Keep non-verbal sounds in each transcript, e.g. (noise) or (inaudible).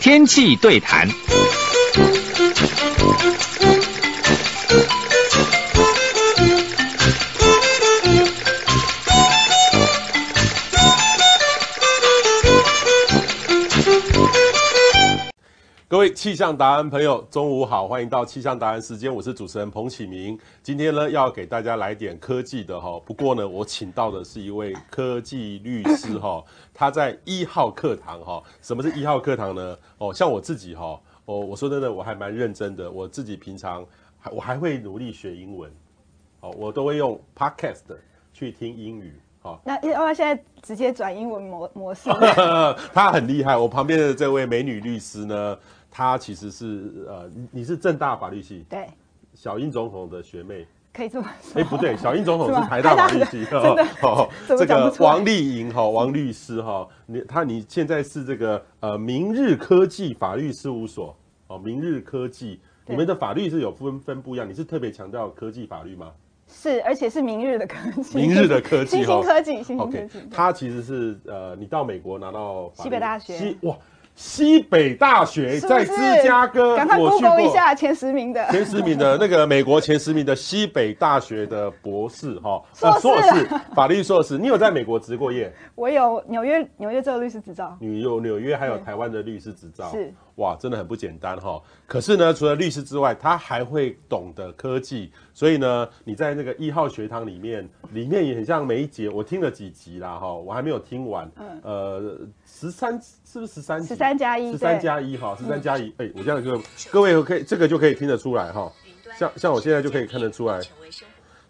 天氣對談。氣象達人朋友，中午好，歡迎到氣象達人時間，我是主持人彭啟明。今天呢，要給大家來點科技的哈、哦。不過呢，我請到的是一位科技律師哈、哦。他在一號課堂哈、哦。什麼是一號課堂呢？哦，像我自己哈、哦。哦，我說真的，我還蠻認真的。我自己平常還我還會努力學英文、哦。我都會用 podcast 去聽英語。哦、那要不要現在直接轉英文模模式？ (laughs) 他很厲害。我旁邊的這位美女律師呢？他其實是呃，你，你是政大法律系，對，小英總統的學妹，可以這麼說。哎、欸，不對，小英總統是台大法律系。對、 (laughs) 喔、這個王麗穎哈，王律師哈、喔，你他你現在是這個呃，明日科技法律事務所哦、喔，明日科技，你們的法律是有分分不一樣，你是特別強調科技法律嗎？是，而且是明日的科技，明日的科技， (laughs) 新興科技，新興科技。Okay, 他其實是呃，你到美國拿到西北大學，哇。西北大學在芝加哥，是是，趕快 Google 一下，前十名的，前十名的那個美國前十名的西北大學的博士哈、啊呃，碩士，法律碩士，你有在美國執過業？我有紐約紐約州的律師執照。你有紐約還有台灣的律師執照是。哇，真的很不簡單哈！可是呢，除了律師之外，他還會懂得科技，所以呢，你在那個一號課堂裡面，裡面也很像每一節我聽了幾集啦哈，我還沒有聽完。嗯、呃，十三是不是十三？十三加一。十三加一哈，十三加一。哎，我這樣就各位可以這個就可以聽得出來哈。像像我現在就可以看得出來。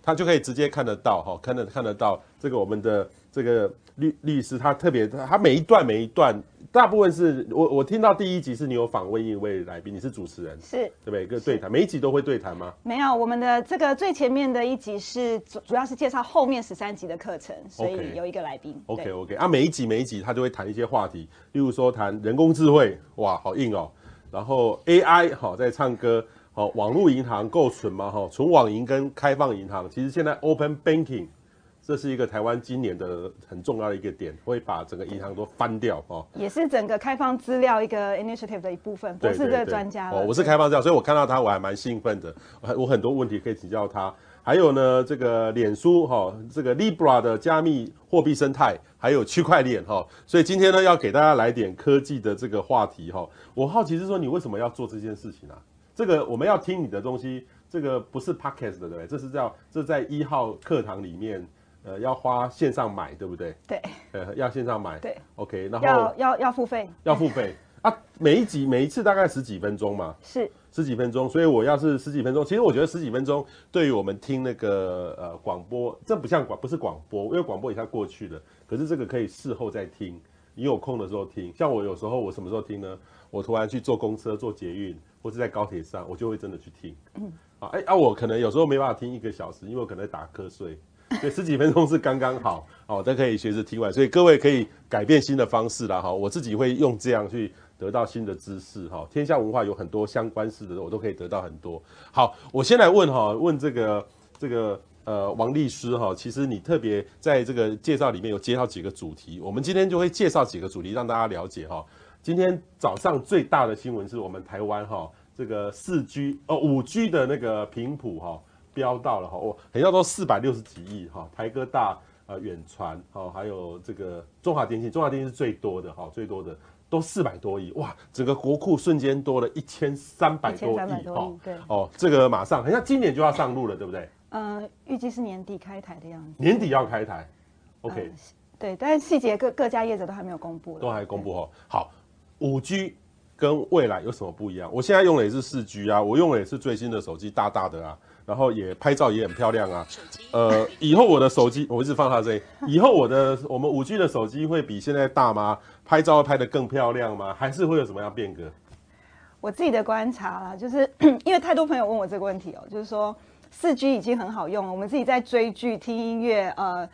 他就可以直接看得到哈，看得看得到這個我們的這個。律律師他特別他每一段，每一段大部分是我我聽到第一集是你有訪問一位來賓，你是主持人是對不對？各對談，每一集都會對談嗎？沒有，我們的這個最前面的一集是主主要是介紹後面十三集的課程，所以有一個來賓。OK okay, OK 啊，每一集每一集他就會談一些話題，例如說談人工智慧，哇，好硬哦。然後 AI 好、哦、在唱歌，好、哦、網絡銀行夠存嗎？哈、哦，純網銀跟開放銀行，其實現在 Open Banking、嗯。這是一個台灣今年的很重要的一個點，會把整個銀行都翻掉哦。也是整個開放資料一個 initiative 的一部分，不是這個專家的對對對哦。我是開放資料，所以我看到他我還蠻興奮的，我很多問題可以請教他。還有呢，這個臉書哈、哦，這個 Libra 的加密貨幣生態，還有區塊鏈哈、哦。所以今天呢，要給大家來點科技的這個話題哈、哦。我好奇是說，你為什麼要做這件事情啊？這個我們要聽你的東西，這個不是 podcast 的對不對？這是叫這是在一號課堂裡面。呃，要花線上買，對不對？對，呃，要線上買，對，OK。然後要要要付費，要付費 (laughs) 啊！每一集每一次大概十幾分鐘嘛，是十幾分鐘，所以我要是十幾分鐘，其實我覺得十幾分鐘對於我們聽那個呃廣播，這不像廣不是廣播，因為廣播一下過去了。可是這個可以事後再聽，你有空的時候聽。像我有時候我什麼時候聽呢？我突然去坐公車、坐捷運，或是在高鐵上，我就會真的去聽。嗯，啊，哎、啊，我可能有時候沒辦法聽一個小時，因為我可能在打瞌睡。對，十幾分鐘是剛剛好好、哦、都可以學着聽完。所以各位可以改變新的方式啦。哈、哦。我自己會用這樣去得到新的知識哈、哦。天下文化有很多相關式的，我都可以得到很多。好，我先來問哈、哦，問這個這個呃王律師哈，其實你特別在這個介紹裡面有介紹幾個主題，我們今天就會介紹幾個主題讓大家了解哈、哦。今天早上最大的新聞是我們台灣哈、哦、這個四 G 哦五 G 的那個頻譜哈。哦飆到了哈，哦，好像都四百六十幾億哈，台哥大呃，遠傳哈，還有這個中華電信，中華電信是最多的哈，最多的都四百多億哇，整個國庫瞬間多了一千三百多億哈、哦，對哦，這個馬上好像今年就要上路了，對不對？嗯、呃，預計是年底開台的樣子，年底要開台對，OK，、呃、對，但是細節各各家業者都還沒有公布，都還公布哈、哦。好，五 G 跟未來有什麼不一樣？我現在用的也是四 G 啊，我用的也是最新的手機，大大的啊。然後也拍照也很漂亮啊，呃，以後我的手機 (laughs) 我一直放它這裡。以後我的我們五 G 的手機會比現在大嗎？拍照會拍得更漂亮嗎？還是會有什麼樣變革？我自己的觀察啦、啊，就是因為太多朋友問我這個問題哦，就是說四 G 已經很好用了，我們自己在追劇、聽音樂，呃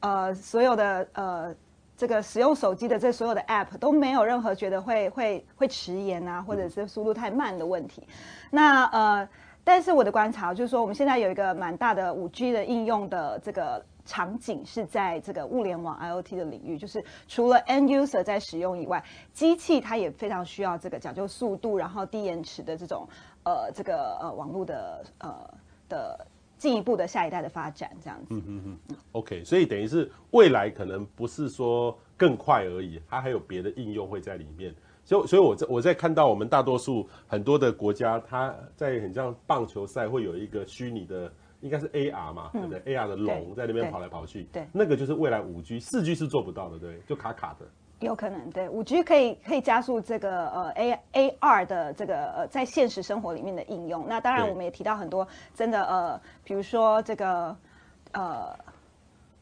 呃，所有的呃這個使用手機的這所有的 App 都沒有任何覺得會會會遲延啊，或者是速度太慢的問題。嗯、那呃。但是我的觀察就是說，我們現在有一個蠻大的 5G 的應用的這個場景是在這個物聯網 IoT 的領域，就是除了 end user 在使用以外，機器它也非常需要這個講究速度，然後低延遲的這種呃這個呃網絡的呃的進一步的下一代的發展這樣子。嗯嗯嗯。OK，所以等於是未來可能不是說更快而已，它還有別的應用會在裡面。所以，所以我在我在看到我們大多數很多的國家，它在很像棒球賽會有一個虛擬的，應該是 AR 嘛，對不對、嗯、AR 的龍在那邊跑來跑去，對，對對，那個就是未來五 G 四 G 是做不到的，對，就卡卡的。有可能對，五 G 可以可以加速這個呃 A A R 的這個呃在現實生活裡面的應用。那當然我們也提到很多真的呃，比如說這個呃，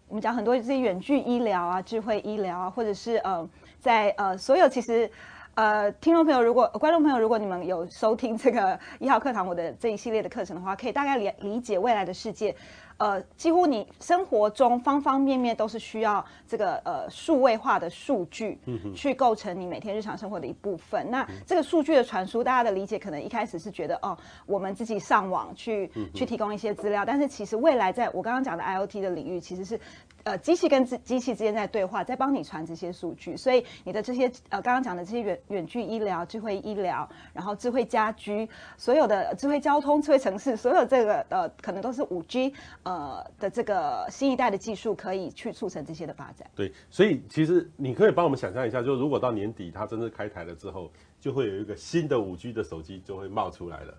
我們講很多這些遠距醫療啊，智慧醫療啊，或者是呃在呃所有其實。呃，聽眾朋友，如果、呃、觀眾朋友，如果你們有收聽這個一號課堂我的這一系列的課程的話，可以大概理理解未來的世界，呃，幾乎你生活中方方面面都是需要這個呃數位化的數據，嗯哼，去構成你每天日常生活的一部分。嗯哼、那這個數據的傳輸，大家的理解可能一開始是覺得哦，我們自己上網去、嗯哼、去提供一些資料，但是其實未來在我剛剛講的 IOT 的領域，其實是。呃，機器跟機器之間在對話，在幫你傳這些數據，所以你的這些呃，剛剛講的這些遠遠距醫療、智慧醫療，然後智慧家居，所有的智慧交通、智慧城市，所有這個呃，可能都是五 G 呃的這個新一代的技術，可以去促成這些的發展。對，所以其實你可以幫我們想象一下，就是如果到年底它真正開台了之後，就會有一個新的五 G 的手機就會冒出來了。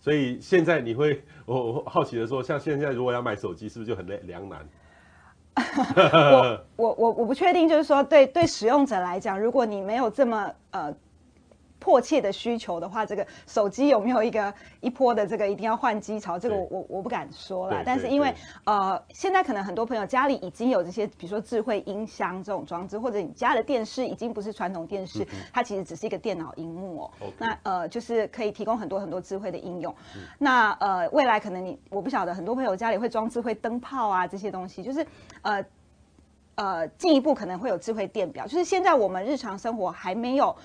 所以現在你會，我我好奇的說，像現在如果要買手機，是不是就很累，兩難？ (laughs) 我我我我不確定，就是說對，對對使用者來講，如果你沒有這麼呃，迫切的需求的話，這個手機有沒有一個一波的這個一定要換機潮？這個我我，我不敢說了。但是因為呃，現在可能很多朋友家裡已經有這些，比如說智慧音箱這種裝置，或者你家的電視已經不是傳統電視，嗯、它其實只是一個電腦熒幕哦。哦。那呃，就是可以提供很多很多智慧的應用。嗯、那呃，未來可能你我不曉得，很多朋友家裡會裝智慧燈泡啊這些東西，就是呃呃，進一步可能會有智慧電表。就是現在我們日常生活還沒有。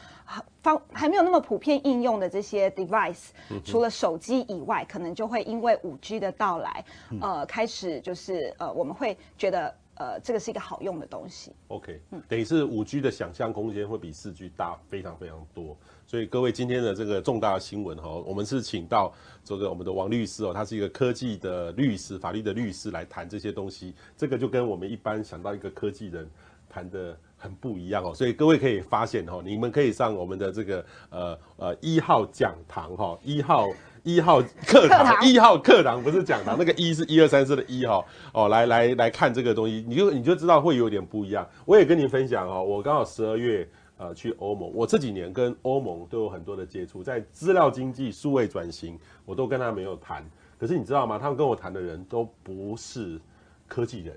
方還沒有那麼普遍應用的這些 device，除了手機以外，可能就會因為五 G 的到來，呃，開始就是呃，我們會覺得呃，這個是一個好用的東西。OK，嗯，等於是五 G 的想象空間會比四 G 大非常非常多。所以各位今天的這個重大的新聞哈、哦，我們是請到這個我們的王律師哦，他是一個科技的律師、法律的律師來談這些東西。這個就跟我們一般想到一個科技人談的。很不一樣哦，所以各位可以發現哦，你們可以上我們的這個呃呃一號講堂哈、哦，一號一號課堂一號課堂不是講堂，那個一是一二三四的一哈哦，哦，來來來看這個東西，你就你就知道會有點不一樣。我也跟你分享哈、哦，我剛好十二月呃去歐盟，我這幾年跟歐盟都有很多的接觸，在資料經濟、數位轉型，我都跟他沒有談。可是你知道嗎？他們跟我談的人都不是科技人，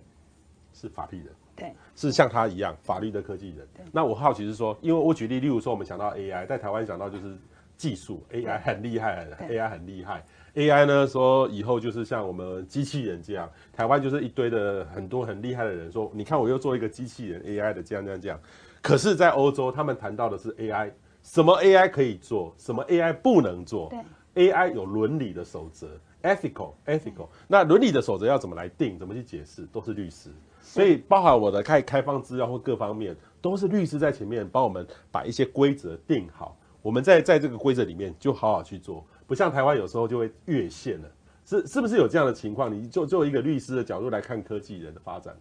是法律人。對，是像他一樣法律的科技人。那我好奇是說，因為我舉例，例如說我們想到 AI，在台灣想到就是技術，AI 很厲害很，AI 很厲害。AI 呢說以後就是像我們機器人這樣，台灣就是一堆的很多很厲害的人說，你看我又做一個機器人 AI 的這樣這樣這樣。可是，在歐洲他們談到的是 AI，什麼 AI 可以做，什麼 AI 不能做？對，AI 有倫理的守則，ethical，ethical ethical，嗯。那倫理的守則要怎麼來定，怎麼去解釋，都是律師。所以，包含我的開開放資料或各方面，都是律師在前面幫我們把一些規則定好。我們在在這個規則裡面就好好去做，不像台灣有時候就會越線了。是是不是有這樣的情況？你就作為一個律師的角度來看科技人的發展。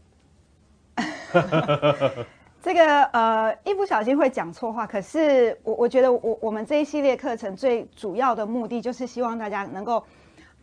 (laughs) (laughs) 這個呃，一不小心會講錯話。可是我我覺得我我們這一系列課程最主要的目的就是希望大家能夠。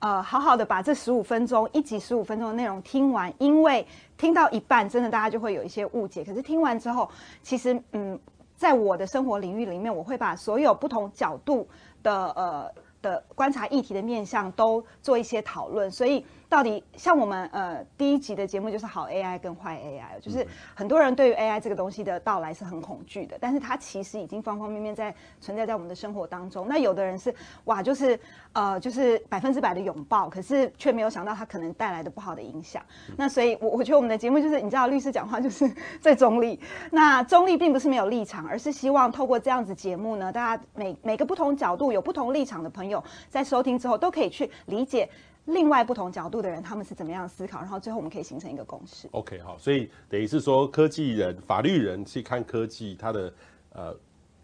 呃，好好的把這十五分鐘，一集十五分鐘的內容聽完，因為聽到一半，真的大家就會有一些誤解。可是聽完之後，其實嗯，在我的生活領域裡面，我會把所有不同角度的呃的觀察議題的面向都做一些討論，所以。到底像我們呃第一集的節目就是好 AI 跟壞 AI，就是很多人對於 AI 這個東西的到來是很恐懼的，但是它其實已經方方面面在存在在我們的生活當中。那有的人是哇，就是呃就是百分之百的擁抱，可是卻沒有想到它可能帶來的不好的影響。那所以，我我覺得我們的節目就是你知道律師講話就是最中立，那中立並不是沒有立場，而是希望透過這樣子節目呢，大家每每個不同角度有不同立場的朋友在收聽之後都可以去理解。另外不同角度的人，他們是怎麼樣思考，然後最後我們可以形成一個共識。OK，好，所以等於是說，科技人、法律人去看科技，它的呃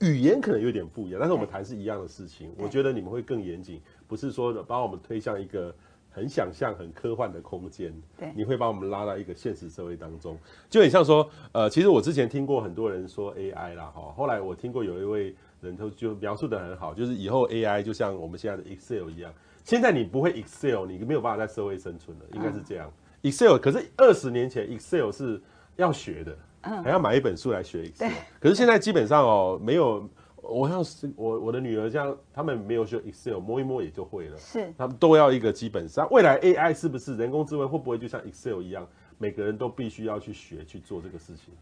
語言可能有點不一樣，但是我們談是一樣的事情。我覺得你們會更嚴謹，不是說把我們推向一個。很想象很科幻的空間，對，你會把我們拉到一個現實社會當中，就很像說，呃，其實我之前聽過很多人說 AI 啦，哈，後來我聽過有一位人都就描述得很好，就是以後 AI 就像我們現在的 Excel 一樣，現在你不會 Excel，你沒有辦法在社會生存了，應該是這樣。嗯、Excel 可是二十年前 Excel 是要學的，嗯，還要買一本書來學 Excel，可是現在基本上哦，沒有。我要是我我的女兒這樣，像他們沒有學 Excel，摸一摸也就會了。是，他們都要一個基本上。未來 AI 是不是人工智慧，會不會就像 Excel 一樣，每個人都必須要去學去做這個事情？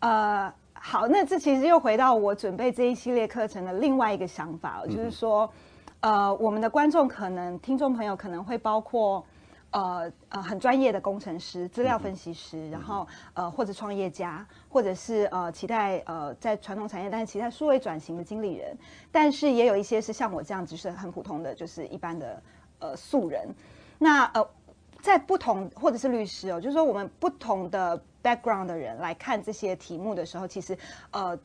呃，好，那這其實又回到我準備這一系列課程的另外一個想法，嗯，就是說，呃，我們的觀眾可能聽眾朋友可能會包括。呃呃，很專業的工程師、資料分析師，然後呃，或者創業家，或者是呃，期待呃，在傳統產業但是期待數位轉型的經理人，但是也有一些是像我這樣，只是很普通的，就是一般的呃素人。那呃，在不同或者是律師哦，就是說我們不同的 background 的人來看這些題目的時候，其實呃。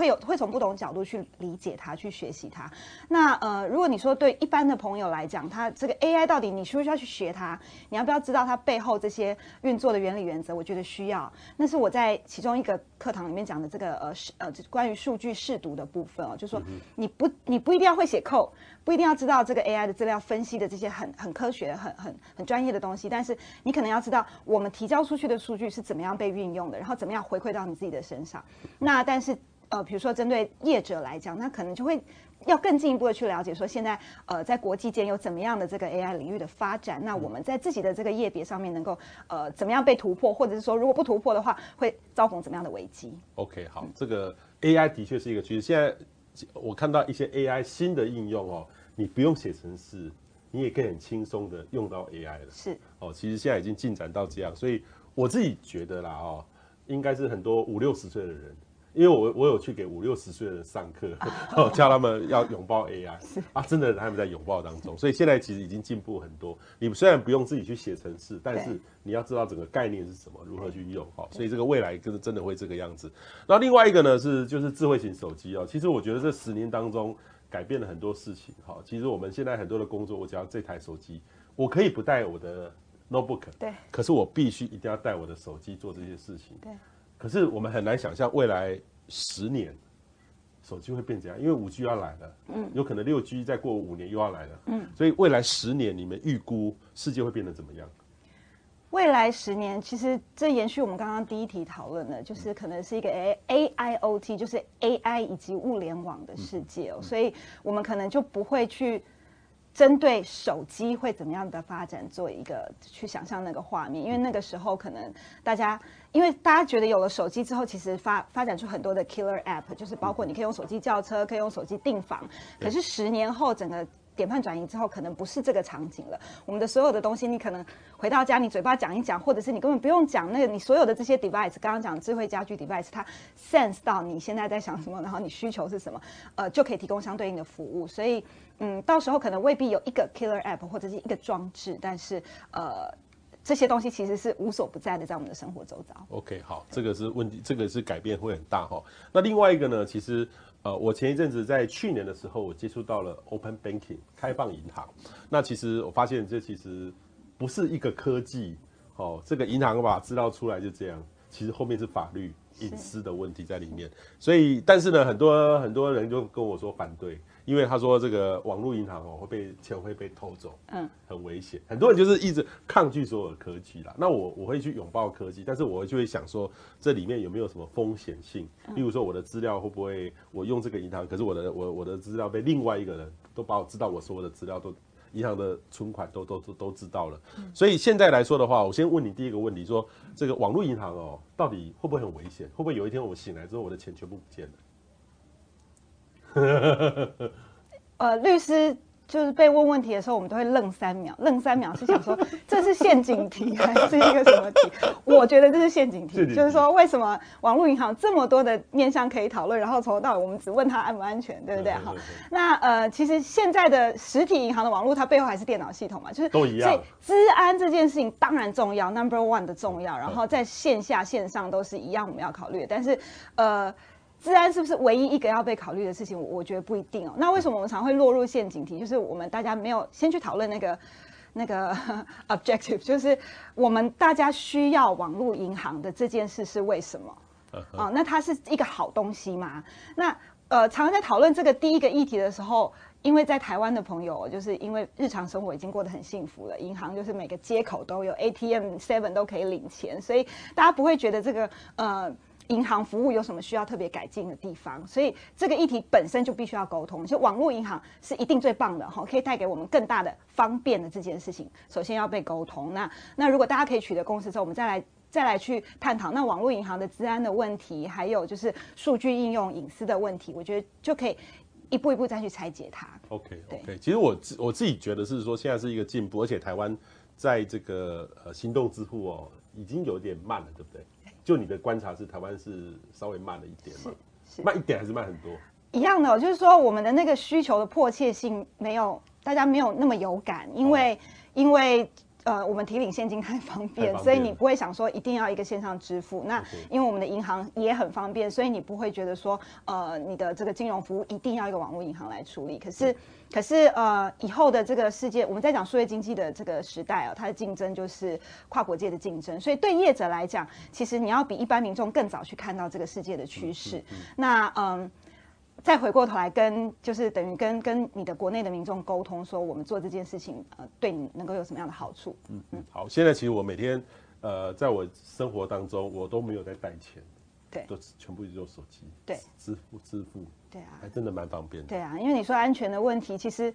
會有會從不同的角度去理解它，去學習它。那呃，如果你說對一般的朋友來講，它這個 AI 到底你需不需要去學它？你要不要知道它背後這些運作的原理、原則？我覺得需要。那是我在其中一個課堂裡面講的這個呃，是呃，關於數據試讀的部分哦，就是說你不你不一定要會寫 code，不一定要知道這個 AI 的資料分析的這些很很科學、很很很專業的東西，但是你可能要知道我們提交出去的數據是怎麼樣被運用的，然後怎麼樣回饋到你自己的身上。那但是。呃，比如說針對業者來講，那可能就會要更進一步的去了解，說現在呃在國際間有怎麼樣的這個 AI 領域的發展，那我們在自己的這個業別上面能夠呃怎麼樣被突破，或者是說如果不突破的話，會遭逢怎麼樣的危機？OK，好、嗯，這個 AI 的確是一個趨勢。現在我看到一些 AI 新的應用哦，你不用寫程式，你也可以很輕鬆的用到 AI 了。是哦，其實現在已經進展到這樣，所以我自己覺得啦，哦，應該是很多五六十歲的人。因為我我有去給五六十歲的人上課，哦，叫他們要擁抱 AI， (laughs) 啊，真的他們在擁抱當中，所以現在其實已經進步很多。你們雖然不用自己去寫程式，但是你要知道整個概念是什麼，如何去用，哦，所以這個未來就是真的會這個樣子。那另外一個呢是就是智慧型手機哦，其實我覺得這十年當中改變了很多事情，哦，其實我們現在很多的工作，我只要這台手機，我可以不帶我的 notebook，對，可是我必須一定要帶我的手機做這些事情，對。對可是我們很難想象未來十年手機會變怎樣，因為五 G 要來了，嗯，有可能六 G 再過五年又要來了，嗯，所以未來十年你們預估世界會變得怎麼樣？未來十年其實這延續我們剛剛第一題討論的，就是可能是一個 A I O T，就是 A I 以及物聯網的世界哦、嗯嗯，所以我們可能就不會去。針對手機會怎麼樣的發展做一個去想象那個畫面，因為那個時候可能大家，因為大家覺得有了手機之後，其實發發展出很多的 killer app，就是包括你可以用手機叫車，可以用手機訂房，可是十年後整個。數位轉型之後，可能不是這個場景了。我們的所有的東西，你可能回到家，你嘴巴講一講，或者是你根本不用講。那個你所有的這些 device，剛剛講智慧家居 device，它 sense 到你現在在想什麼，然後你需求是什麼，呃，就可以提供相對應的服務。所以，嗯，到時候可能未必有一個 killer app，或者是一個裝置，但是呃，這些東西其實是無所不在的，在我們的生活周遭。OK，好，這個是問題，這個是改變會很大哈、哦。那另外一個呢，其實。呃，我前一陣子在去年的時候，我接觸到了 Open Banking 開放銀行。那其實我發現，這其實不是一個科技哦，這個銀行把它制造出來就這樣，其實後面是法律隱私的問題在裡面。所以，但是呢，很多很多人就跟我說反對。因為他說這個網絡銀行哦，會被錢會被偷走，嗯，很危險。很多人就是一直抗拒所有的科技啦，那我我會去擁抱科技，但是我就會想說這裡面有沒有什麼風險性？例如說我的資料會不會，我用這個銀行，可是我的我我的資料被另外一個人都把我知道我所有的資料都銀行的存款都都都都知道了。所以現在來說的話，我先問你第一個問題：說這個網絡銀行哦，到底會不會很危險？會不會有一天我醒來之後，我的錢全部不見了？ (laughs) 呃，律師就是被問問題的時候，我們都會愣三秒， (laughs) 愣三秒是想說這是陷阱題還是一個什麼題？ (laughs) 我覺得這是陷阱，陷阱題，就是說為什麼網絡銀行這麼多的面向可以討論， (laughs) 然後從頭到尾我們只問他安不安全， (laughs) 對不對？好， (laughs) 那呃，其實現在的實體銀行的網絡，它背後還是電腦系統嘛，就是都一樣。所以，資安這件事情當然重要，number one 的重要，然後在線下線上都是一樣，我們要考慮。 (laughs) 但是，呃。治安是不是唯一一個要被考慮的事情我？我覺得不一定哦。那為什麼我們常常會落入陷阱題？嗯、就是我們大家沒有先去討論那個那個 objective，就是我們大家需要網絡銀行的這件事是為什麼？啊、哦，那它是一個好東西嗎？那呃，常常在討論這個第一個議題的時候，因為在台灣的朋友，就是因為日常生活已經過得很幸福了，銀行就是每個街口都有 ATM Seven 都可以領錢，所以大家不會覺得這個呃。銀行服務有什麼需要特別改進的地方？所以這個議題本身就必須要溝通。就網絡銀行是一定最棒的哈，可以帶給我們更大的方便的這件事情，首先要被溝通那。那那如果大家可以取得共識之後，我們再來再來去探討那網絡銀行的資安的問題，還有就是數據應用隱私的問題，我覺得就可以一步一步再去拆解它。Okay, okay。對，okay, 其實我我自己覺得是說現在是一個進步，而且台灣在這個呃行動支付哦已經有點慢了，對不對？就你的觀察是，台灣是稍微慢了一點，是，是慢一點還是慢很多？一樣的，就是說我們的那個需求的迫切性沒有，大家沒有那麼有感，因為、哦、因為呃，我們提領現金太方便，太方便，所以你不會想說一定要一個線上支付。那因為我們的銀行也很方便，Okay，所以你不會覺得說呃，你的這個金融服務一定要一個網絡銀行來處理。可是。嗯可是，呃，以後的這個世界，我們在講數字經濟的這個時代啊，它的競爭就是跨國界的競爭，所以對業者來講，其實你要比一般民眾更早去看到這個世界的趨勢。嗯嗯嗯、那，嗯、呃，再回過頭來跟，就是等於跟跟你的國內的民眾溝通，說我們做這件事情，呃，對你能夠有什麼樣的好處？嗯嗯，嗯。好，現在其實我每天，呃，在我生活當中，我都沒有在帶錢。對，都全部用手機，對，支付支付，對啊，還真的蠻方便的。對啊，因為你說安全的問題，其實，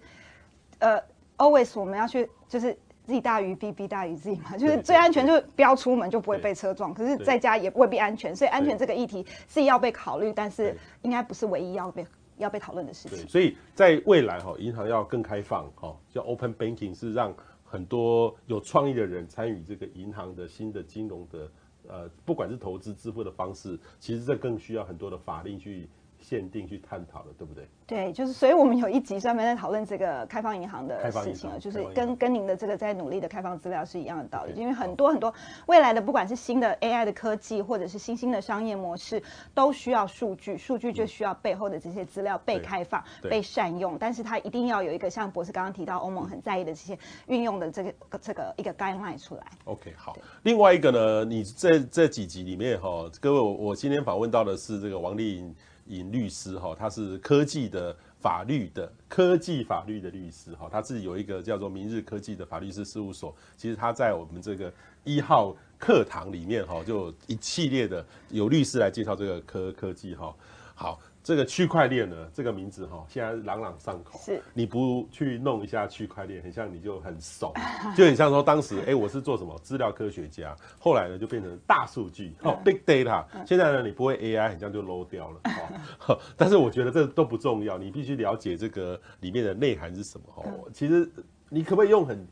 呃，always 我們要去就是 z 大於 b，b 大於 z 嘛，就是最安全就是不要出門就不會被車撞，對對對，可是在家也未必安全，所以安全這個議題是要被考慮，但是應該不是唯一要被要被討論的事情。對，所以在未來哈、哦，銀行要更開放哈，叫、哦、open banking 是讓很多有創意的人參與這個銀行的新的金融的。呃，不管是投資、支付的方式，其實這更需要很多的法令去。限定去探討的，對不對？對，就是，所以，我們有一集專門在討論這個開放銀行的事情啊，就是跟跟您的這個在努力的開放資料是一樣的道理。因為很多很多未來的不管是新的 AI 的科技，或者是新興的商業模式，都需要數據，數據就需要背後的這些資料被開放、嗯、被善用，但是它一定要有一個像博士剛剛提到歐盟很在意的這些運用的這個這個一個概念出來。OK，好。另外一個呢，你這這幾集裡面哈、哦，各位，我我今天訪問到的是這個王麗穎。尹律師哈、哦，他是科技的法律的科技法律的律師哈、哦，他自己有一個叫做明日科技的法律師事務所，其實他在我們這個。一號課堂裡面哈、哦，就一系列的有律師來介紹這個科科技哈、哦。好，這個區塊鏈呢，這個名字哈、哦，現在朗朗上口。是，你不去弄一下區塊鏈，很像你就很慫， (coughs) 就很像說當時、欸、我是做什麼資料科學家，後來呢就變成大數據，哦、嗯、，Big Data、嗯。現在呢你不會 AI，很像就 low 掉了、哦嗯。但是我覺得這都不重要，你必須了解這個裡面的內涵是什麼哈、哦嗯。其實你可不可以用很。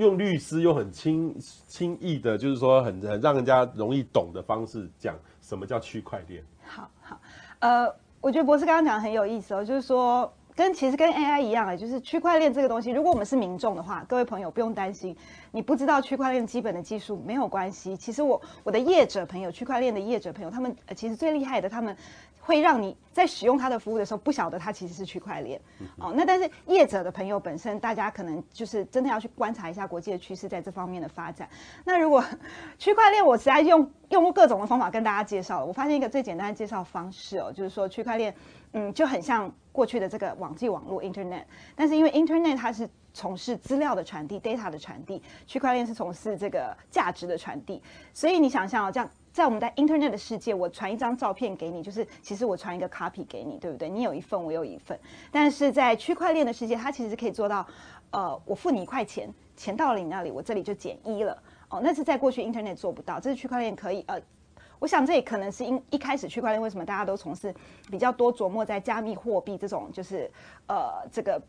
用律師又很輕輕易的，就是說很很讓人家容易懂的方式講什麼叫區塊鏈。好好，呃，我覺得博士剛剛講的很有意思哦，就是說跟其實跟 AI 一樣，就是區塊鏈這個東西，如果我們是民眾的話，各位朋友不用擔心，你不知道區塊鏈基本的技術沒有關係。其實我我的業者朋友，區塊鏈的業者朋友，他們其實最厲害的他們。會讓你在使用它的服務的時候不曉得它其實是區塊鏈，哦，那但是業者的朋友本身，大家可能就是真的要去觀察一下國際的趨勢在這方面的發展。那如果區塊鏈，我實在用用過各種的方法跟大家介紹了，我發現一個最簡單的介紹方式哦，就是說區塊鏈，嗯，就很像過去的這個網際網絡 Internet，但是因為 Internet 它是從事資料的傳遞、data 的傳遞，區塊鏈是從事這個價值的傳遞，所以你想象哦這樣。在我們的 Internet 的世界，我傳一張照片給你，就是其實我傳一個 copy 給你，對不對？你有一份，我有一份。但是在區塊鏈的世界，它其實可以做到，呃，我付你一塊錢，錢到了你那裡，我這裡就減一了。哦，那是在過去 Internet 做不到，這是區塊鏈可以。呃，我想這也可能是因一開始區塊鏈為什麼大家都從事比較多琢磨在加密貨幣這種，就是呃這個。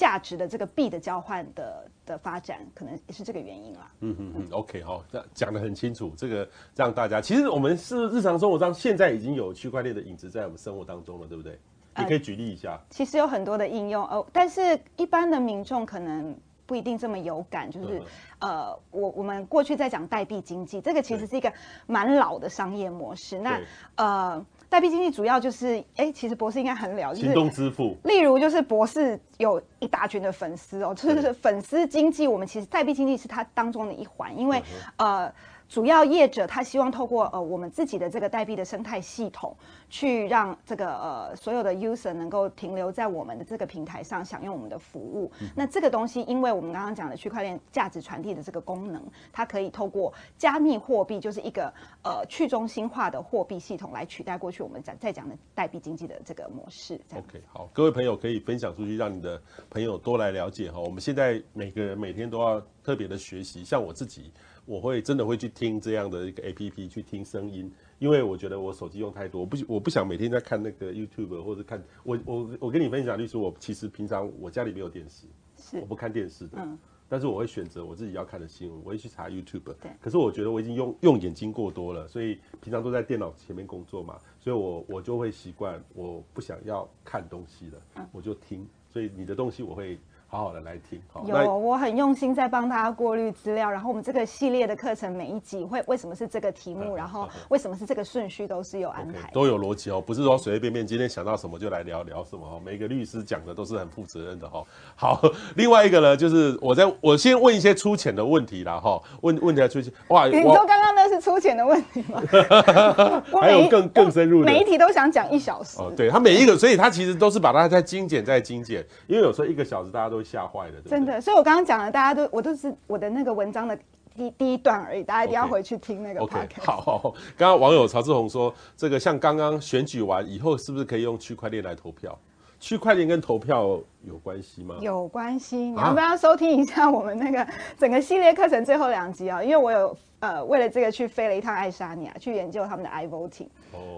價值的這個幣的交換的的發展，可能也是這個原因啦。嗯嗯嗯，OK 好，講得很清楚，這個讓大家，其實我們是日常生活上現在已經有區塊鏈的影子在我們生活當中了，對不對？你、呃、可以舉例一下。其實有很多的應用，哦、呃，但是一般的民眾可能不一定這麼有感，就是、嗯、呃，我我們過去在講代幣經濟，這個其實是一個蠻老的商業模式，那呃。代幣經濟主要就是，哎、欸，其實博士應該很了解，就是，例如就是博士有一大群的粉絲哦，就是粉絲經濟，我們其實代幣經濟是它當中的一環，因為呵呵呃，主要業者他希望透過呃我們自己的這個代幣的生態系統。去讓這個呃所有的用戶能夠停留在我們的這個平台上，享用我們的服務。嗯、那這個東西，因為我們剛剛講的區塊鏈價值傳遞的這個功能，它可以透過加密貨幣，就是一個呃去中心化的貨幣系統來取代過去我們講在講的代幣經濟的這個模式。OK，好，各位朋友可以分享出去，讓你的朋友多來了解哈。我們現在每個人每天都要特別的學習，像我自己，我會真的會去聽這樣的一個 APP 去聽聲音。因為我覺得我手機用太多，我不我不想每天在看那個 YouTube 或者看我我我跟你分享律師，我其實平常我家裡沒有電視，是我不看電視的，嗯，但是我會選擇我自己要看的新聞，我會去查 YouTube，對，可是我覺得我已經用用眼睛過多了，所以平常都在電腦前面工作嘛，所以我我就會習慣我不想要看東西了，嗯，我就聽，所以你的東西我會。好好的來聽，有，我很用心在幫大家過濾資料。然後我們這個系列的課程，每一集會為什麼是這個題目，呵呵然後為什麼是這個順序，都是有安排，okay, 都有邏輯哦，不是說隨隨便便今天想到什麼就來聊聊什麼哦。每一個律師講的都是很負責任的哈。好，另外一個呢，就是我在我先問一些粗淺的問題啦，哈，問問題要出去，哇，你說剛剛那是粗淺的問題嗎？ (laughs) 還有更更深入的，每一題都想講一小時。哦，對他每一個，所以他其實都是把它再精簡，再精簡，因為有時候一個小時大家都。會嚇壞的，對對真的。所以，我剛剛講了，大家都我都是我的那個文章的第一第一段而已，大家一定要回去聽那個。OK，, okay 好，好，好。剛剛網友曹志宏說，這個像剛剛選舉完以後，是不是可以用區塊鏈來投票？區塊鏈跟投票有關係嗎？有關係。你要不要收聽一下我們那個整個系列課程最後兩集啊、哦？因為我有呃為了這個去飛了一趟愛沙尼亞去研究他們的 i-voting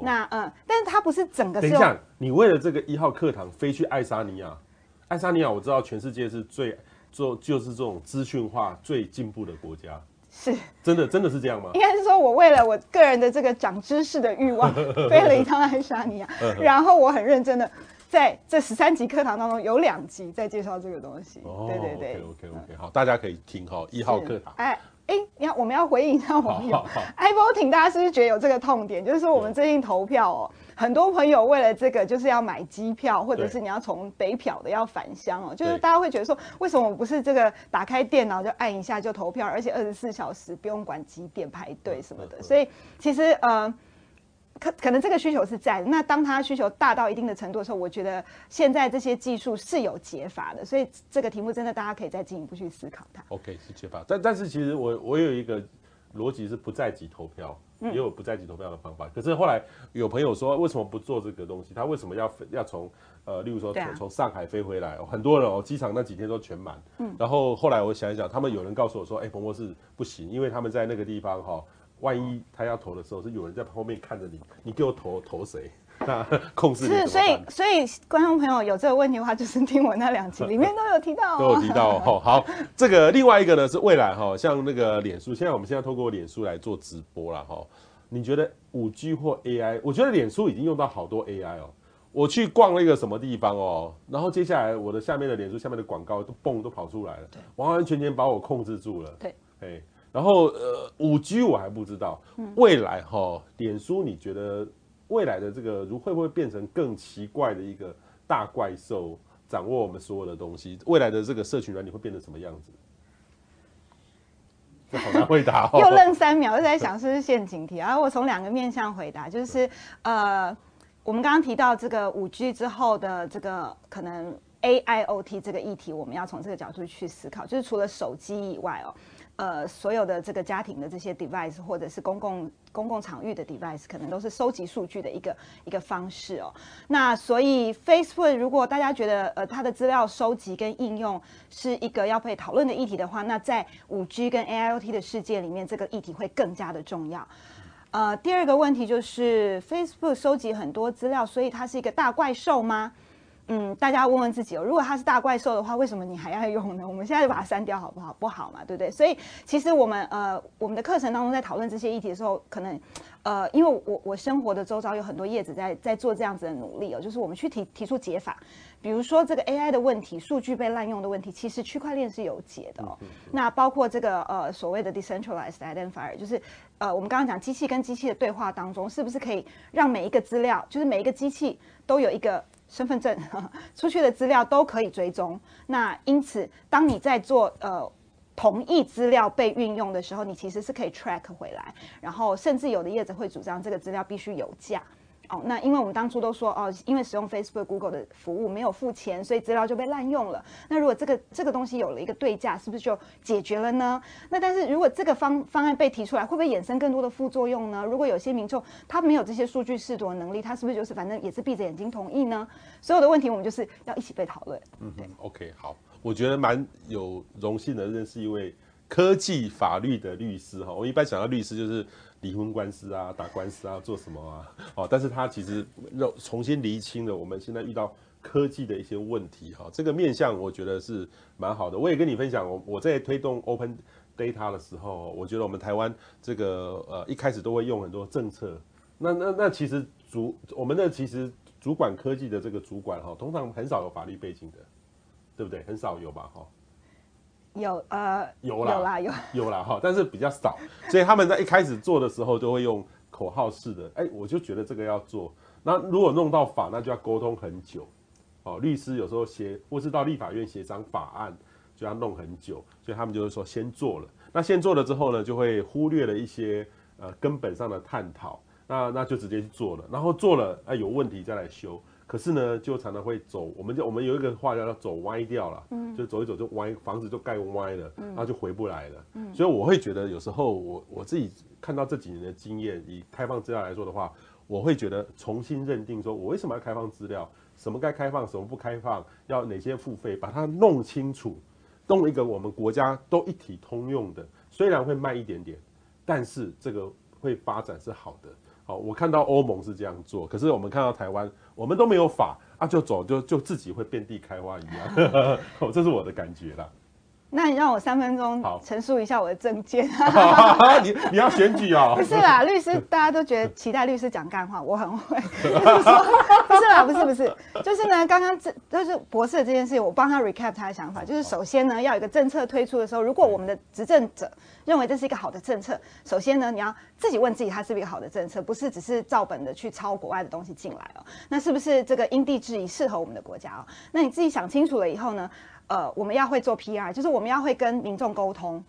那嗯、呃，但是他不是整個是。等一下，你為了這個一號課堂飛去愛沙尼亞？愛沙尼亞，我知道全世界是最做就是這種資訊化最進步的國家，是，真的真的是這樣嗎？應該是說，我為了我個人的這個長知識的慾望， (laughs) 飛了一趟愛沙尼亞， (laughs) 然後我很認真的在這十三集課堂當中有兩集在介紹這個東西。哦、對對對 okay，OK OK 好，大家可以聽哈、嗯、一號課堂。哎哎，哎你要我們要回應一下網友，埃博停，大家是不是覺得有這個痛點？就是說我們最近投票哦。很多朋友為了這個，就是要買機票，或者是你要從北漂的要返鄉哦，就是大家會覺得說，為什麼我不是這個打開電腦就按一下就投票，而且二十四小時不用管幾點排隊什麼的？所以其實呃，可可能這個需求是在的，那當它需求大到一定的程度的時候，我覺得現在這些技術是有解法的，所以這個題目真的大家可以再進一步去思考它。OK，是解法，但但是其實我我有一個邏輯是不在即投票，不在籍投票。也有不在籍投票的方法、嗯，可是後來有朋友說，為什麼不做這個東西？他為什麼要飛要從呃，例如說從從、啊、上海飛回來，很多人哦，機場那幾天都全滿。嗯，然後後來我想一想，他們有人告訴我說，哎、嗯欸，彭博士不行，因為他們在那個地方哈、哦，萬一他要投的時候，是有人在後面看着你，你給我投投誰？那 (laughs) 控制是，所以所以觀眾朋友有這個問題的話，就是聽我那兩集裡面都有提到、哦呵呵，都有提到哦， (laughs) 哦。好，這個另外一個呢是未來哈、哦，像那個臉書，現在我們現在透過臉書來做直播了哈、哦。你覺得五 G 或 AI？我覺得臉書已經用到好多 AI 哦。我去逛那個什麼地方哦，然後接下來我的下面的臉書下面的廣告都蹦都跑出來了，完完全全把我控制住了。對，然後呃，五 G 我還不知道，嗯、未來哈、哦，臉書你覺得？未來的這個，如會不會變成更奇怪的一個大怪獸，掌握我們所有的東西？未來的這個社群軟體會變成什麼樣子？這好難回答哦， (laughs) 又愣三秒，又在想是不是陷阱題？然後、 (laughs) 啊、我從兩個面向回答，就是呃，我們剛剛提到這個五 G 之後的這個可能 AIoT 這個議題，我們要從這個角度去思考，就是除了手機以外哦。呃，所有的這個家庭的這些 device，或者是公共公共場域的 device，可能都是收集數據的一個一個方式哦。那所以 Facebook 如果大家覺得呃它的資料收集跟應用是一個要被討論的議題的話，那在五 G 跟 AIoT 的世界裡面，這個議題會更加的重要。呃，第二個問題就是 Facebook 收集很多資料，所以它是一個大怪獸嗎？嗯，大家問問自己哦，如果它是大怪獸的話，為什麼你還要用呢？我們現在就把它刪掉好不好？不好嘛，對不對？所以其實我們呃，我們的課程當中在討論這些議題的時候，可能呃，因為我我生活的周遭有很多業者在在做這樣子的努力哦，就是我們去提提出解法，比如說這個 AI 的問題、數據被濫用的問題，其實區塊鏈是有解的哦。哦、嗯嗯嗯。那包括這個呃所謂的 decentralized identifier，就是呃我們剛剛講機器跟機器的對話當中，是不是可以讓每一個資料，就是每一個機器都有一個。身份證呵，出去的資料都可以追蹤。那因此，當你在做呃同意資料被運用的時候，你其實是可以 track 回來，然後甚至有的業者會主張這個資料必須有價。哦，那因為我們當初都說哦，因為使用 Facebook、Google 的服務沒有付錢，所以資料就被濫用了。那如果這個這個東西有了一個對價，是不是就解決了呢？那但是如果這個方方案被提出來，會不會衍生更多的副作用呢？如果有些民眾他沒有這些數據視讀能力，他是不是就是反正也是閉着眼睛同意呢？所有的問題我們就是要一起被討論。嗯哼，OK，好，我覺得蠻有榮幸的，認識一位科技法律的律師哈。我一般想到律師就是。離婚官司啊，打官司啊，做什麼啊？哦，但是他其實讓重新釐清了我們現在遇到科技的一些問題哈、哦。這個面向我覺得是蠻好的。我也跟你分享，我我在推動 open data 的時候，我覺得我們台灣這個呃一開始都會用很多政策。那那那其實主我們那其實主管科技的這個主管哈、哦，通常很少有法律背景的，對不對？很少有吧？哈、哦。有呃有啦有啦有有啦哈，但是比較少，所以他們在一開始做的時候就會用口號式的，哎、欸，我就覺得這個要做。那如果弄到法，那就要溝通很久，哦、喔，律師有時候協，或是到立法院協商法案，就要弄很久，所以他們就會說先做了。那先做了之後呢，就會忽略了一些呃根本上的探討，那那就直接去做了，然後做了，哎、欸，有問題再來修。可是呢，就常常會走，我們就我們有一個話叫做走歪掉了，嗯，就走一走就歪，房子就蓋歪了，嗯，那就回不來了。嗯，所以我會覺得，有時候我我自己看到這幾年的經驗，以開放資料來說的話，我會覺得重新認定說，我為什麼要開放資料？什麼該開放，什麼不開放？要哪些付費？把它弄清楚，弄一個我們國家都一體通用的。雖然會慢一點點，但是這個會發展是好的。好，我看到歐盟是這樣做，可是我們看到台灣，我們都沒有法，啊就，就走就就自己會遍地開花一樣，啊，哦，這是我的感覺啦。那你讓我三分鐘陳述一下我的政見啊！ (laughs) 你你要選舉啊、哦？ (laughs) 不是啦， (laughs) 律師大家都覺得期待律師講幹話，我很會說，不是啦，不是不是，就是呢，剛剛這就是博士這件事情，我幫他 recap 他的想法，就是首先呢，要有一個政策推出的時候，如果我們的執政者認為這是一個好的政策，首先呢，你要自己問自己，它是不是一個好的政策，不是只是照本的去抄國外的東西進來哦，那是不是這個因地制宜適合我們的國家哦？那你自己想清楚了以後呢？呃，我們要會做 PR，就是我們要會跟民眾溝通，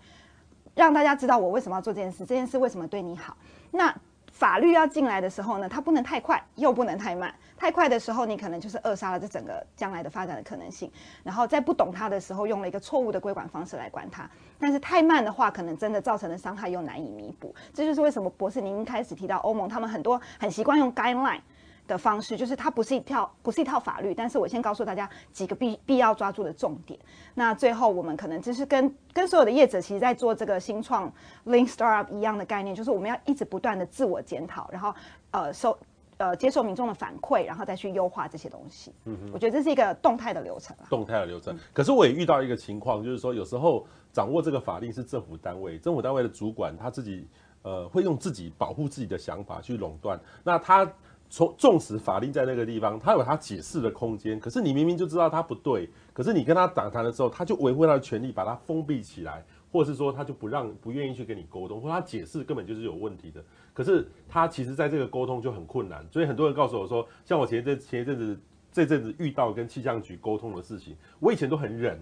讓大家知道我為什麼要做這件事，這件事為什麼對你好。那法律要進來的時候呢，它不能太快，又不能太慢。太快的時候，你可能就是扼殺了這整個將來的發展的可能性；然後在不懂它的時候，用了一個錯誤的規管方式來管它。但是太慢的話，可能真的造成的傷害又難以彌補。這就是為什麼博士您一開始提到歐盟，他們很多很習慣用 guideline 的方式，就是它不是一套，不是一套法律，但是我先告訴大家幾個必必要抓住的重點。那最後我們可能就是跟跟所有的業者其實在做這個新創 Lean Startup 一樣的概念，就是我們要一直不斷的自我檢討，然後呃收呃接受民眾的反饋，然後再去優化這些東西。嗯嗯，我覺得這是一個動態的流程，動態的流程，嗯。可是我也遇到一個情況，就是說有時候掌握這個法令是政府單位，政府單位的主管他自己呃會用自己保護自己的想法去壟斷，那他。從縱使法令在那個地方，他有他解釋的空間，可是你明明就知道他不對，可是你跟他打談的時候，他就維護他的權利，把他封閉起來，或是說他就不讓、不願意去跟你溝通，或他解釋根本就是有問題的。可是他其實在這個溝通就很困難，所以很多人告訴我說，像我前一陣、前一陣子這陣子遇到跟氣象局溝通的事情，我以前都很忍。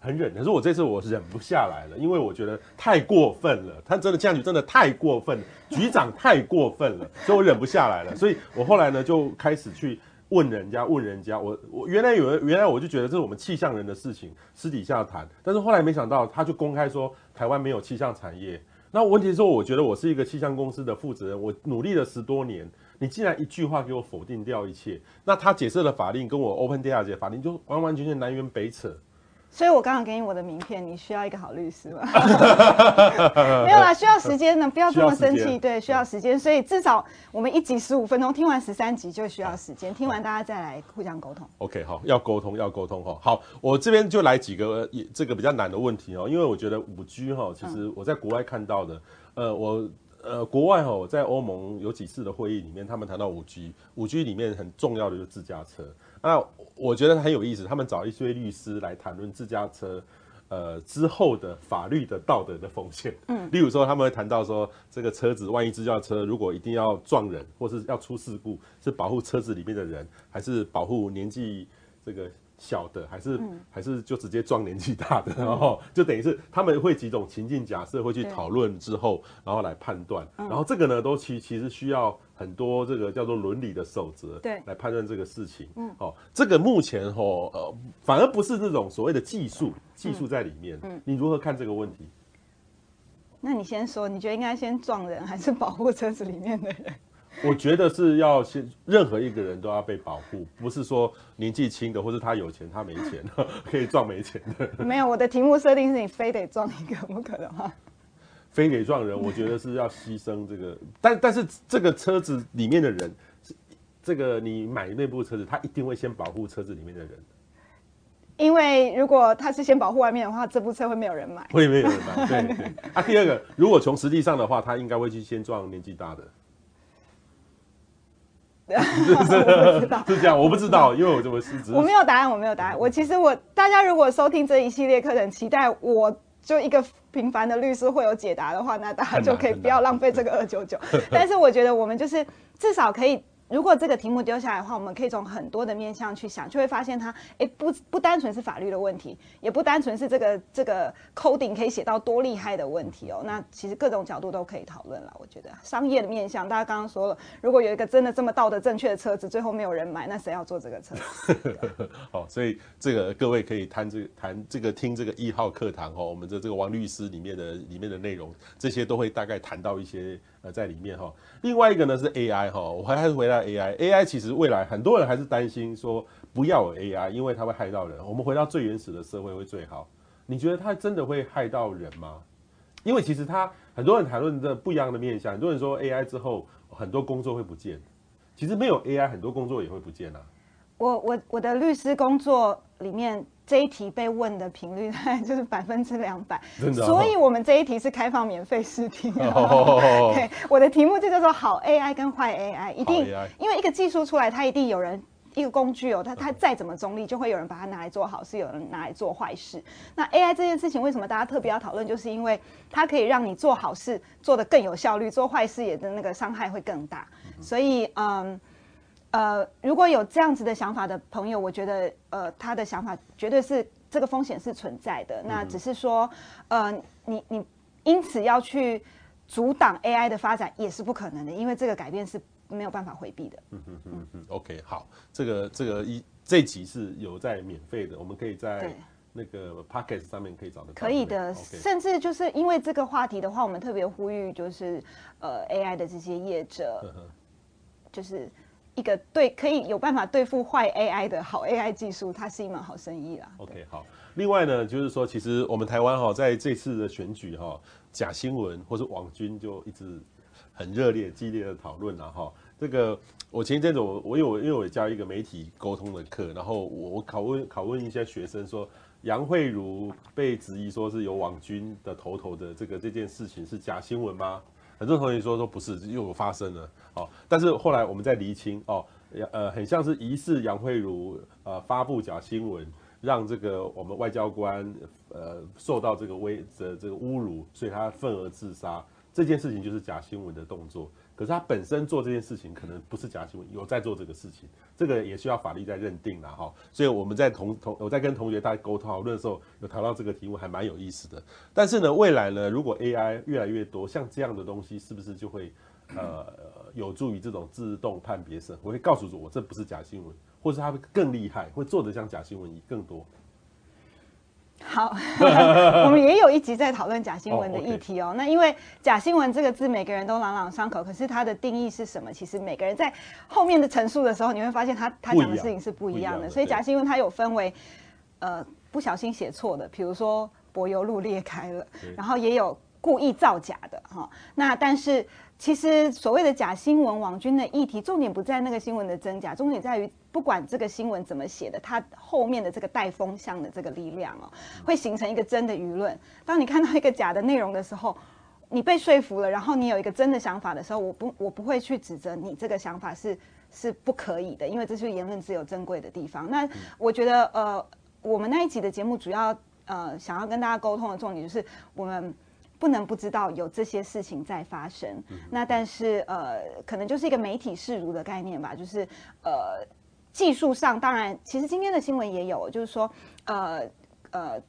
很忍，可是我這次我忍不下來了，因為我覺得太過分了，他真的這樣子真的太過分了，局長太過分了，所以我忍不下來了。所以我後來呢就開始去問人家，問人家，我我原來以為，原來我就覺得這是我們氣象人的事情，私底下談，但是後來沒想到他就公開說台灣沒有氣象產業。那問題是，我覺得我是一個氣象公司的負責人，我努力了十多年，你竟然一句話給我否定掉一切，那他解釋的法令跟我 open data 的法令就完完全全南轅北轍。所以我剛剛給你我的名片，你需要一個好律師嗎？ (laughs) 沒有啦，需要時間呢，不要這麼生氣。對，需要時間。所以至少我們一集十五分鐘，聽完十三集就需要時間、啊。聽完大家再來互相溝通。OK，好，要溝通要溝通哈。好，我這邊就來幾個這個比較難的問題哦，因為我覺得 5G 哈，其實我在國外看到的，嗯、呃，我呃國外哈，我在歐盟有幾次的會議裡面，他們談到 5G，5G 裡面很重要的就是自駕車。那我覺得很有意思，他們找一些律師來談論自駕車呃之後的法律的道德的風險。嗯，例如說他們會談到說，這個車子萬一自駕車如果一定要撞人或是要出事故，是保護車子裡面的人還是保護年紀這個？小的還是、嗯、還是就直接撞年紀大的，嗯、然後就等於是他們會幾種情境假設，會去討論之後，然後來判斷、嗯。然後這個呢，都其其實需要很多這個叫做倫理的守則、對來判斷這個事情。嗯，哦、喔，這個目前哦、喔，呃，反而不是那種所謂的技術、嗯、技術在裡面嗯。嗯，你如何看這個問題？那你先說，你覺得應該先撞人還是保護車子裡面的人？我覺得是要先，任何一個人都要被保護，不是說年紀輕的或是他有錢，他沒錢 (laughs) 可以撞沒錢的。沒有，我的題目設定是你非得撞一個，不可的話、啊、非得撞人，我覺得是要犧牲這個，嗯、但但是這個車子裡面的人這個，你買那部車子，他一定會先保護車子裡面的人。因為如果他是先保護外面的話，這部車會沒有人買，會沒有人買。對對。 (laughs) 啊，第二個，如果從實際上的話，他應該會去先撞年紀大的。是 (laughs) 是 (laughs) (laughs) 是這樣，我不知道， (laughs) 因為我這麼失職。 (laughs) 我沒有答案，我沒有答案。我其實我，大家如果收聽這一系列課程，期待我就一個平凡的律師會有解答的話，那大家就可以不要浪費這個二九九。但是我覺得我們就是至少可以。如果這個題目丟下來的話，我們可以從很多的面向去想，就會發現它，哎，不不單純是法律的問題，也不單純是這個這個 coding 可以寫到多厲害的問題哦。那其實各種角度都可以討論了。我覺得商業的面向，大家剛剛說了，如果有一個真的這麼道德正確的車子，最後沒有人買，那誰要坐這個車？好，這個 (laughs) 哦，所以這個各位可以談這個談這個聽這個一號課堂哦，我們的這，這個王律師裡面的裡面的內容，這些都會大概談到一些。呃，在裡面哈，另外一個呢是 AI 哈，我還還是回到 AI，AI AI 其實未來很多人還是擔心說不要有 AI，因為它會害到人。我們回到最原始的社會會最好，你覺得它真的會害到人嗎？因為其實他很多人談論的不一樣的面向，很多人說 AI 之後很多工作會不見，其實沒有 AI 很多工作也會不見啊。我我我的律師工作裡面。這一題被問的頻率大概就是百分之兩百，真的哦，所以，我們這一題是開放免費試聽。哦。對，我的題目就叫做“好 AI 跟壞 AI，好 AI”，一定，因為一個技術出來，它一定有人一個工具哦，它它再怎麼中立，就會有人把它拿來做好事，有人拿來做壞事。那 AI 這件事情，為什麼大家特別要討論，就是因為它可以讓你做好事做得更有效率，做壞事也的那個傷害會更大。所以，嗯。呃，如果有這樣子的想法的朋友，我覺得，呃，他的想法絕對是這個風險是存在的。嗯。那只是說，呃，你你因此要去阻擋 AI 的發展也是不可能的，因為這個改變是沒有辦法回避的。嗯哼哼哼嗯嗯嗯，OK，好，這個這個這一這一集是有在免費的，我們可以在那個 Podcast 上面可以找得到，可以的，okay。甚至就是因為這個話題的話，我們特別呼籲就是，呃，AI 的這些業者，呵呵就是。一個對可以有辦法對付壞 AI 的好 AI 技術，它是一門好生意啦。OK，好。另外呢，就是說，其實我們台灣哈、哦，在這次的選舉哈、哦，假新聞或是網軍就一直很熱烈激烈的討論了、啊、哈、哦。這個我前一陣子我有因為我因為我也教一個媒體溝通的課，然後我我考問考問一下學生說，楊蕙如被質疑說是有網軍的頭頭的這個這件事情是假新聞嗎？很多同學說說不是，又發生了哦，但是後來我們在釐清哦，呃，很像是疑似楊慧茹呃發布假新聞，讓這個我們外交官呃受到這個威，呃，這個侮辱，所以他憤而自殺。這件事情就是假新聞的動作。可是他本身做這件事情，可能不是假新聞，有在做這個事情，這個也需要法律在認定了哈。所以我們在同同，我在跟同學在溝通討論的時候，有談到這個題目，還蠻有意思的。但是呢，未來呢，如果 AI 越來越多，像這樣的東西，是不是就會呃有助於這種自動判別式？我會告訴我這不是假新聞，或是它會更厲害，會做得像假新聞一更多。好， (laughs) (laughs) 我們也有一集在討論假新聞的議題哦。Oh, okay. 那因為假新聞這個字，每個人都朗朗上口，可是它的定義是什麼？其實每個人在後面的陳述的時候，你會發現他他講的事情是不一樣的。不一樣，不一樣的。所以假新聞它有分為，呃，不小心寫錯的，比如說柏油路裂開了，然後也有故意造假的哈、哦。那但是。其實所謂的假新聞、網軍的議題，重點不在那個新聞的真假，重點在於不管這個新聞怎麼寫的，它後面的這個帶風向的這個力量哦，會形成一個真的輿論。當你看到一個假的內容的時候，你被說服了，然後你有一個真的想法的時候，我不，我不會去指責你這個想法是是不可以的，因為這是言論自由珍貴的地方。那我覺得，呃，我們那一集的節目主要呃想要跟大家溝通的重點就是我們。不能不知道有這些事情在發生，那但是呃，可能就是一個媒體識讀的概念吧，就是呃，技術上當然，其實今天的新聞也有，就是說呃呃，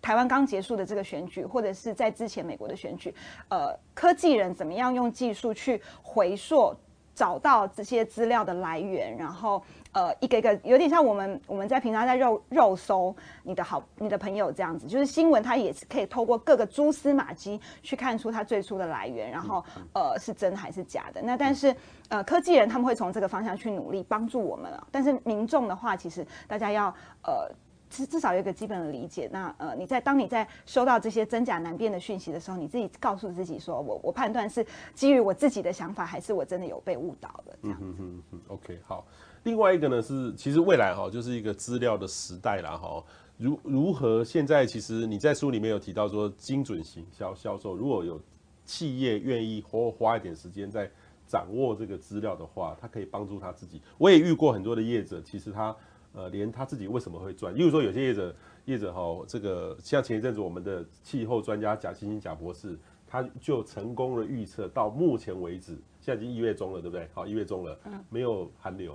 台灣剛結束的這個選舉，或者是在之前美國的選舉，呃，科技人怎麼樣用技術去回溯找到這些資料的來源，然後。呃，一個一個有點像我們我們在平常在肉肉搜你的好你的朋友這樣子，就是新聞它也是可以透過各個蛛絲馬跡去看出它最初的來源，然後呃是真還是假的。那但是呃科技人，他們會從這個方向去努力幫助我們啊。但是民眾的話，其實大家要呃至至少有一個基本的理解。那呃你在當你在收到這些真假難辨的訊息的時候，你自己告訴自己說，我我判斷是基於我自己的想法，還是我真的有被誤導了這樣子。嗯嗯嗯嗯，OK 好。另外一個呢是，其實未來哈、哦、就是一個資料的時代了哈、哦。如如何現在其實你在書裡面有提到說精準行銷銷售，如果有企業願意花花一點時間在掌握這個資料的話，它可以幫助他自己。我也遇過很多的業者，其實他呃連他自己為什麼會賺，例如說有些業者業者哈、哦，這個像前一陣子我們的氣候專家賈新興賈博士，他就成功的預測到目前為止，現在已經一月中了，對不對？好，一月中了，嗯、沒有寒流。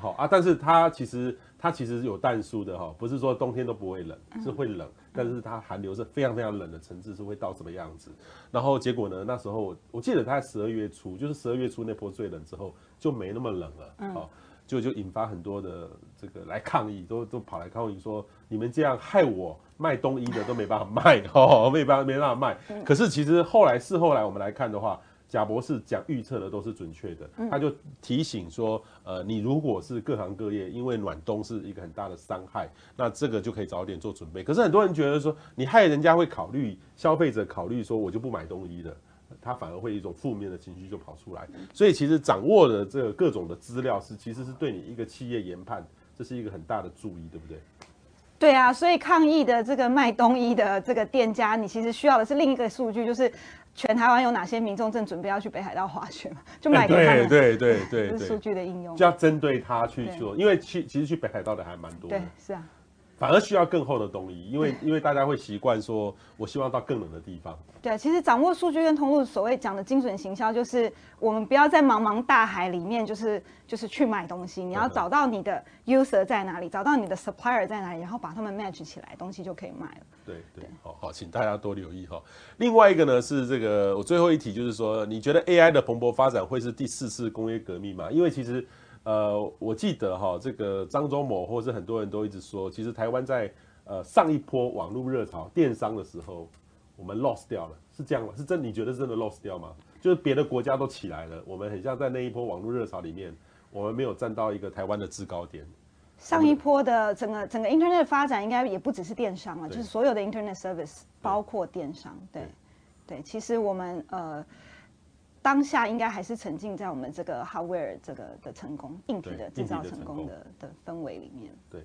好啊，但是它其實它其實有但書的哈、哦，不是說冬天都不會冷，是會冷，嗯、但是它寒流是非常非常冷的層次，是會到什麼樣子。然後結果呢，那時候我記得它在十二月初，就是十二月初那波最冷之後就沒那麼冷了，啊、嗯哦，就就引發很多的這個來抗議，都都跑來抗議說你們這樣害我賣冬衣的都沒辦法賣， (laughs) 哦，沒辦法沒辦法賣。可是其實後來是後來我們來看的話。賈博士講預測的都是準確的，他就提醒說，呃，你如果是各行各業，因為暖冬是一個很大的傷害，那這個就可以早點做準備。可是很多人覺得說，你害人家會考慮消費者考慮說，我就不買冬衣了，他反而會一種負面的情緒就跑出來。所以其實掌握的這個各種的資料是，其實是對你一個企業研判，這是一個很大的注意，對不對？對啊，所以抗議的這個賣冬衣的這個店家，你其實需要的是另一個數據，就是。全台灣有哪些民眾正準備要去北海道滑雪嗎？就買給他們，對對對，數據的應用就要針對他去做，因為去其實去北海道的還蠻多的，對對，是啊。反而需要更厚的冬衣，因為因為大家會習慣說，我希望到更冷的地方。對，其實掌握數據跟通路，所謂講的精準行銷，就是我們不要在茫茫大海裡面，就是就是去買東西，你要找到你的 user 在哪裡，找到你的 supplier 在哪裡，然後把他們 match 起來，東西就可以賣了。對對，對，好好，請大家多留意哈。另外一個呢是這個，我最後一題就是說，你覺得 AI 的蓬勃發展會是第四次工業革命嗎？因為其實。呃，我記得哈，這個張忠謀，或是很多人都一直說，其實台灣在呃上一波網絡熱潮電商的時候，我們 loss 掉了，是這樣嗎？是真？你覺得是真的 loss 掉嗎？就是別的國家都起來了，我們很像在那一波網絡熱潮裡面，我們沒有站到一個台灣的制高點。上一波的整個整個 internet 的發展，應該也不只是電商了，就是所有的 internet service，包括電商，對對，對，對，其實我們呃。當下應該還是沉浸在我們這個 hardware 這個的成功，硬件的製造成功的的，成功的，的氛圍裡面。對，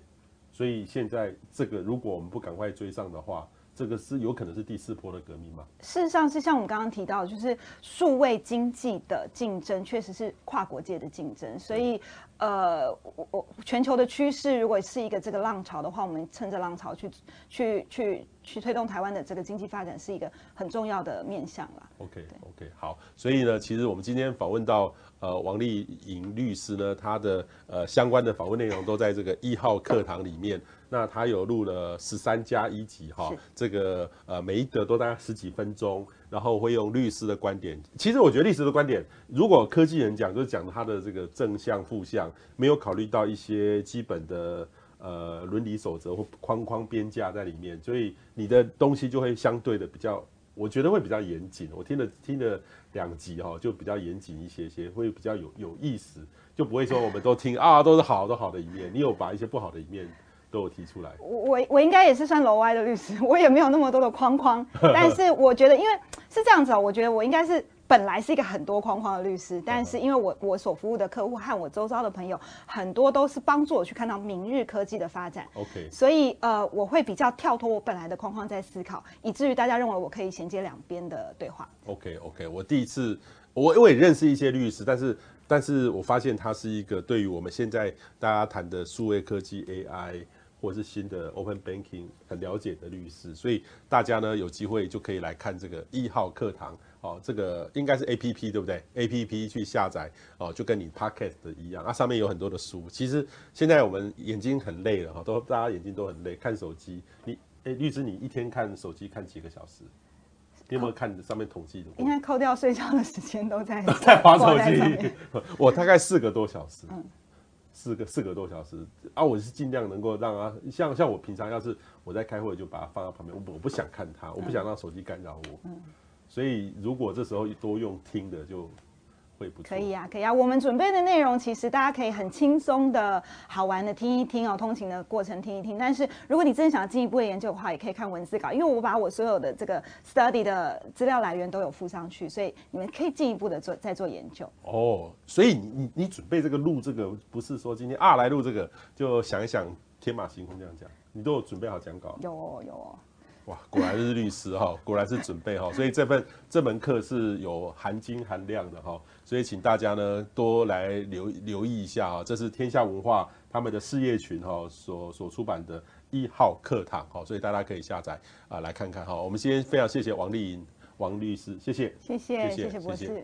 所以現在這個如果我們不趕快追上的話，這個是有可能是第四波的革命嘛？事實上是像我們剛剛提到的，就是數位經濟的競爭確實是跨國界的競爭，所以、嗯、呃，我我全球的趨勢如果是一個這個浪潮的話，我們趁着浪潮去去去。去去推動台灣的這個經濟發展是一個很重要的面向啦。OK OK 好，所以呢，其實我們今天訪問到呃王立瑩律師呢，他的呃相關的訪問內容都在這個一號課堂裡面。 (laughs) 那他有錄了十三加一集哈、哦，這個呃每一個都大概十幾分鐘，然後會用律師的觀點。其實我覺得律師的觀點，如果科技人講就是講他的這個正向負向，沒有考慮到一些基本的。呃，倫理守則或框框邊架在裡面，所以你的東西就會相對的比較，我覺得會比較嚴謹。我聽了聽了兩集哈，就比較嚴謹一些些，會比較有有意思，就不會說我們都聽 (laughs) 啊都是好都是好的一面，你有把一些不好的一面都有提出來。我我應該也是算樓外的律師，我也沒有那麼多的框框，但是我覺得因為是這樣子啊、喔，我覺得我應該是。本來是一個很多框框的律師，但是因為我我所服務的客戶和我周遭的朋友很多都是幫助我去看到明日科技的發展，OK，所以呃我會比較跳脫我本來的框框在思考，以至於大家認為我可以銜接兩邊的對話。OK OK，我第一次我我也認識一些律師，但是但是我發現他是一個對於我們現在大家談的數位科技 AI。或是新的 Open Banking 很了解的律師，所以大家呢，有機會就可以來看這個一號課堂哦，這個應該是 A P P 對不對？A P P 去下載哦，就跟你 Pocket 的一樣，那、啊、上面有很多的書。其實現在我們眼睛很累了哈，都大家眼睛都很累，看手機。你誒、欸、律師你一天看手機看幾個小時？你有沒有看上面統計的、嗯？應該扣掉睡覺的時間都在 (laughs) 在滑手機，我大概四個多小時。嗯四個四個多小時啊，我是盡量能夠讓啊，像像我平常要是我在開會，就把它放到旁邊，我不我不想看它，我不想讓手機干擾我，嗯、所以如果這時候多用聽的就。可以啊，可以啊。我們準備的內容其實大家可以很輕鬆的、好玩的聽一聽哦，通勤的過程聽一聽。但是如果你真的想要進一步的研究的話，也可以看文字稿，因為我把我所有的這個 study 的資料來源都有附上去，所以你們可以進一步的做再做研究。哦，所以你你你準備這個錄這個，不是說今天啊來錄這個，就想一想天馬行空這樣講，你都有準備好講稿？有哦，有哦。哇，果然是律師哈、哦， (laughs) 果然是準備哈、哦，所以這份這門課是有含金含量的哈、哦，所以請大家呢多來留留意一下啊、哦，這是天下文化他們的事業群哈、哦、所所出版的一號課堂哈、哦，所以大家可以下載啊來看看哈、哦，我們先非常謝謝王麗穎王律師，謝謝，謝謝，謝謝博士。謝謝謝謝。